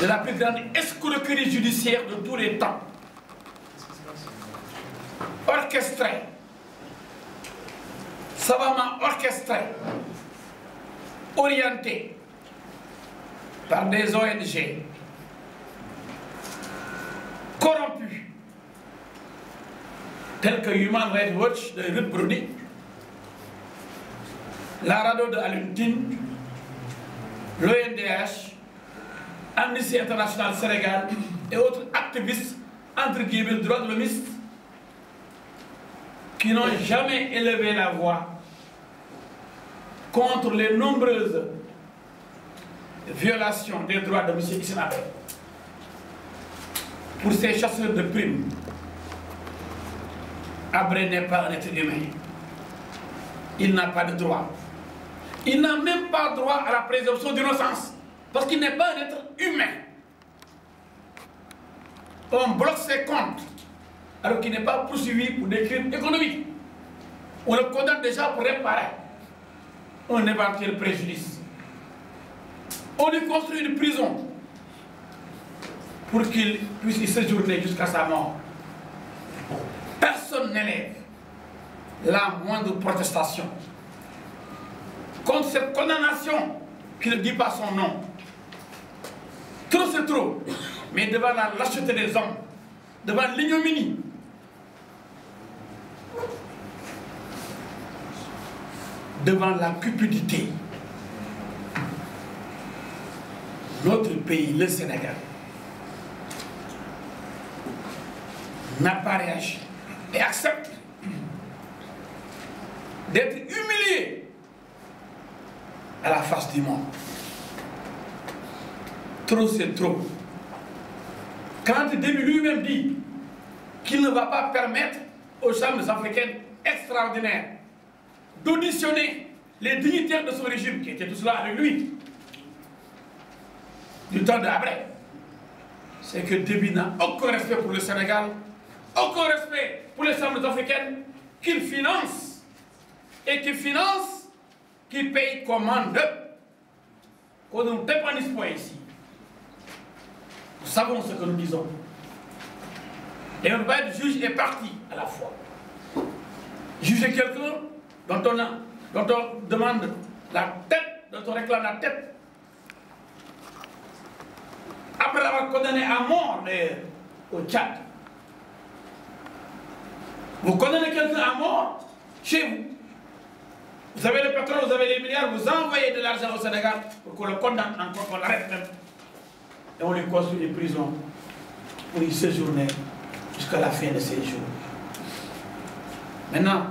de la plus grande escroquerie judiciaire de tous les temps. Orchestrée, savamment orchestrée, orientée par des ONG corrompus, tels que Human Rights Watch de Ruth Bruni, la radio de Aluntine, l'ONDH, Amnesty International Sénégal et autres activistes, entre guillemets, droits de l'homiste, qui n'ont jamais élevé la voix contre les nombreuses violations des droits de M. Isenabé pour ces chasseurs de primes. Abré n'est pas un être humain. Il n'a pas de droit. Il n'a même pas droit à la présomption d'innocence. Parce qu'il n'est pas un être humain. On bloque ses comptes alors qu'il n'est pas poursuivi pour des crimes économiques. On le condamne déjà pour réparer un le préjudice. On lui construit une prison pour qu'il puisse y séjourner jusqu'à sa mort. Personne n'élève la moindre protestation contre cette condamnation qui ne dit pas son nom. Trop c'est trop, mais devant la lâcheté des hommes, devant l'ignominie, devant la cupidité, notre pays, le Sénégal, n'a pas réagi et accepte d'être humilié à la face du monde. Trop, c'est trop. Quand Déby lui-même dit qu'il ne va pas permettre aux chambres africaines extraordinaires d'auditionner les dignitaires de son régime, qui étaient tous là avec lui, du temps d'après, c'est que Déby n'a aucun respect pour le Sénégal, aucun respect pour les chambres africaines qu'il finance et qu'il finance qui paye commande, qu'on nous ne pas ici. Nous savons ce que nous disons. Et on va être juge et parti à la fois. Juger quelqu'un dont on, demande la tête, dont on réclame la tête. Après l'avoir condamné à mort au Tchad. Vous condamnez quelqu'un à mort chez vous. Vous avez le patron, vous avez les milliards, vous envoyez de l'argent au Sénégal pour qu'on le condamne encore, qu'on l'arrête même. Et on lui construit une prison pour y séjourner jusqu'à la fin de ses jours. Maintenant,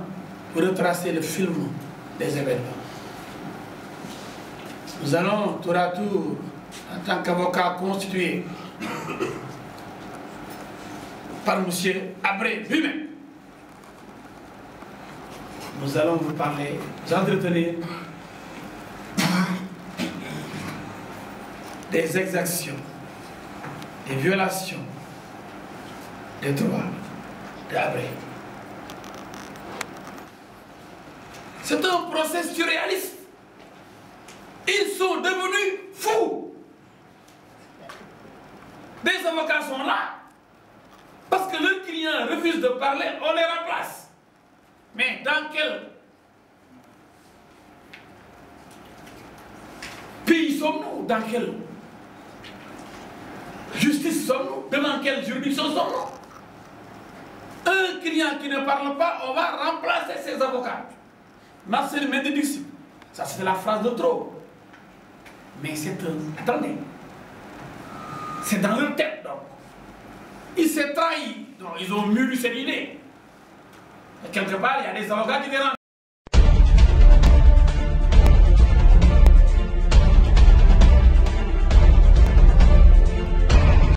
pour retracer le film des événements, nous allons tour à tour, en tant qu'avocat constitué par M. Abré lui-même, nous allons vous parler, vous entretenir des exactions, des violations des droits d'abri C'est un procès surréaliste. Ils sont devenus fous. Des avocats sont là. Parce que le client refuse de parler, on les remplace. Mais dans quel pays sommes-nous Dans quel justice sommes-nous Devant quelle juridiction sommes-nous Un client qui ne parle pas, on va remplacer ses avocats. Marcel ça c'est la phrase de trop. Mais c'est un... Attendez. C'est dans leur tête, donc. Il s'est trahi. Donc, ils ont mûri cette idée. Quem trabalha, é, eles vão ganhar dinheiro.